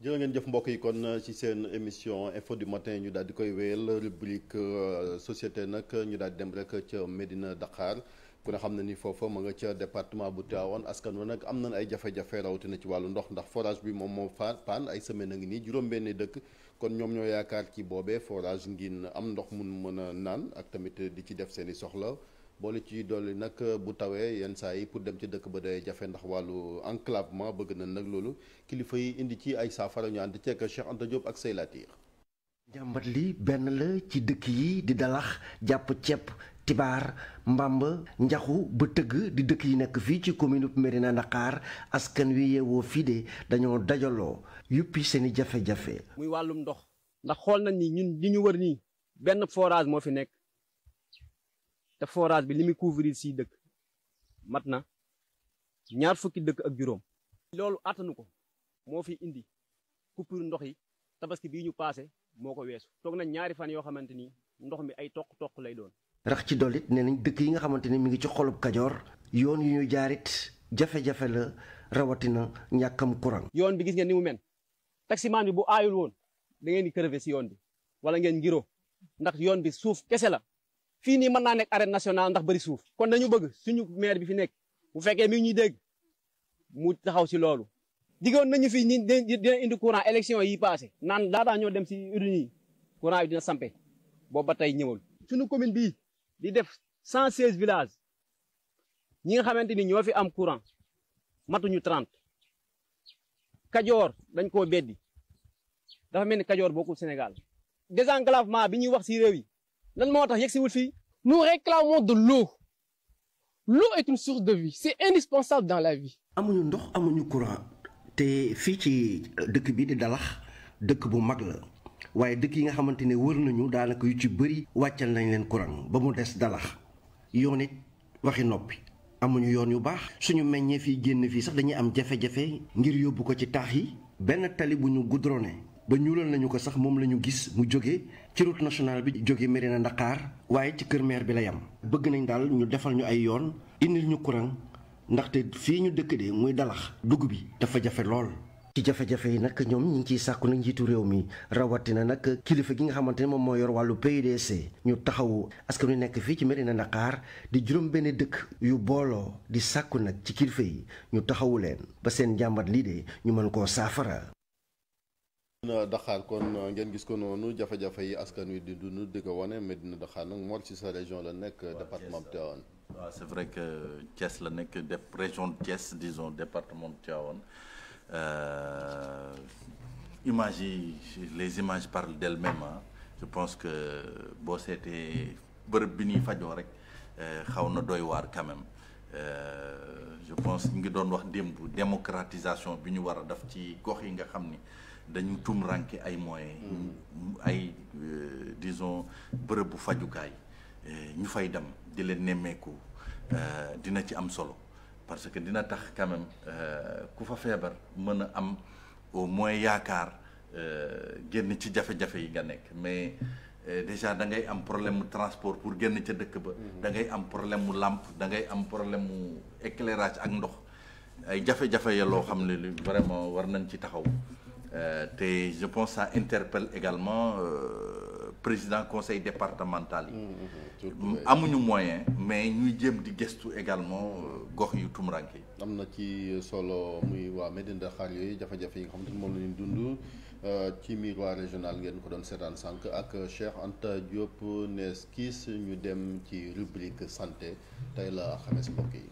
jërë ngeen jëf mbokk yi kon euh, ci seen émission info du matin ñu daal di koy wéyal rubrique euh, société nag ñu daal di dem rek ca Médina daqaar ku ne xam na ni foofa ma nga ca département bu Tivaouane askan wa nag am nañ ay jafe-jafe rawatina ci wàllu ndox ndax forage bi moom moom faa paan ay semaine a ngi nii juróom-benni dëkk kon ñoom ñoo yaakaar ci boobee forage ngin am ndox mun mën a naan ak tamit di ci def seen i soxla. boole ci dolli nag euh, bu tawee yenn saa yi pour dem ci dëkk ba day jafe ndax wàllu enclavement bëgg na nag loolu kilifa yi indi ci ay saafara ñu ànd ceeg Cheikh Anta Diop ak Sey Latir. jàmbat li benn la ci dëkk yi di dalax jàpp ceeb tibaar mbamb njaxu ba tëgg di dëkk yi nekk fii ci commune bu Mérina Dakhar askan wi yeewoo fii de dañoo dajaloo yuppi seeni jafe-jafe. muy wàllum ndox ndax xool nañ ni ñun li ñu wër nii benn forage moo fi nekk. te forage bi li muy couvrir si dëkk mat na ñaar fukki dëkk ak juróom. loolu àttanu ko moo fi indi coupure ndox yi tabaski bii ñu paase moo ko weesu toog nañ ñaari fan yoo xamante ni ndox mi ay toq-toq lay doon. rax ci dollit nee nañ dëkk yi nga xamante ni mi ngi ci xolub Kajoor. yoon yu ñu jaarit jafe-jafe la rawatina ñàkkam courant. yoon bi gis ngeen ni mu mel taximaan bi bu aayul woon da ngeen di crevé si yoon bi wala ngeen ngiro ndax yoon bi suuf kese la. fii nii mën naa nekk arène nationale ndax bëri suuf kon dañu bëgg suñu maire bi fi nekk bu fekkee mi ngi ñuy dégg mu taxaw si loolu. diggoon nañu fii nii dina indi courant yi passé naan daadaa ñoo dem si urne yi courant yi dina ba tey ñëwul. suñu commune bii di def 116 villages ñi nga xamante ni ñoo fi am courant matuñu trent Kajoor dañ koo beddi dafa mel ni Kajoor bokkul Sénégal désenclavement bi ñuy wax si réew lan moo tax yegg si wul fii nous réclamons de l'eau l'eau est une source de vie c'est indispensable dans la vie amuñu ndox amuñu courant te fii ci euh, dëkk bi di dalax dëkk bu mag la waaye dëkk yi nga xamante ne wër nañu daanaka yu ci bëri wàccal nañ leen courant ba mu des dalax yoon it waxi noppi amuñu yoon yu baax suñu meññee fi génn fii sax dañuy am jafe-jafe ngir yóbbu ko ci taax yi benn tali bu ñu goudronné ba ñuulal nañu ko sax moom la ñu gis mu jóge ci route nationale bi jóge na Ndakaar waaye ci kër maire bi la yam bëgg nañ daal ñu defal ñu ay yoon indil ñu courant ndaxte fii ñu dëkk de muy dalax dugg bi dafa jafe lool ci jafe-jafe yi nag ñoom ñi ngi ciy sàkku nag njiitu réew mi rawatina nag kilifa gi nga xamante ne moom moo yor wàllu PUDC ñu taxawu askan wi nekk fii ci na Ndakaar di juróom benn dëkk yu booloo di sàkku nag ci kilifa yi ñu taxawu leen ba seen jàmbat lii de ñu mën koo saafara Médina Dakhar kon euh, ngeen gis ko noonu jafe-jafe yi askan wi di dund di ko wane Médina Dakhar nag Mor ci sa région la nekk département Tivaouane waaw c'est que Thiès la nekk de région de Thiès disons département Tivaouane euh, images yi les images parlent d'elles-mêmes je pense que boo seetee bërëb bi ñuy fajoo rek euh, xaw na doy waar quand même euh, je pense ñu ngi doon wax démb démocratisation bi ñu war a def ci gox yi nga xam ni dañu tum ranke ay moyen mm. ay euh, disons bërëb bu fajukaay euh, ñu fay dem di leen nemmeeku euh, dina ci am solo parce que dina tax quand même ku fa feebar mën a am au moins yaakaar génn ci jafe-jafe yi nga nekk mais déjà da ngay am problème mu transport pour génn ca dëkk ba mm-hmm. da ngay am problème mu làmp dangay am problème mu éclairage ak ndox ay jafe-jafe ya loo xam ne li vraiment war nañ ci taxaw Euh, te je pense ça interpelle également euh, président conseil départemental yi mm-hmm. amuñu moyen mais ñuy jéem di gëstu également euh, gox yu tumuranke yi am na ci solo muy waa Médina Xaar yooyu jafe-jafe yi nga xamante ni moom la ñuy dund ci miroir régional ngeen ko doon seetaan sànq ak Cheikh Anta Diop Neskis ñu dem ci rubrique santé tey la xames mbokk yi